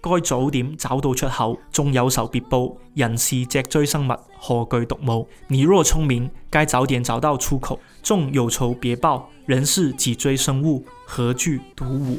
該早點找到出口，縱有仇別報。人是脊椎生物，何懼獨舞？你若聰明，該早點找到出口，縱有仇別報。人是脊椎生物，何懼獨舞？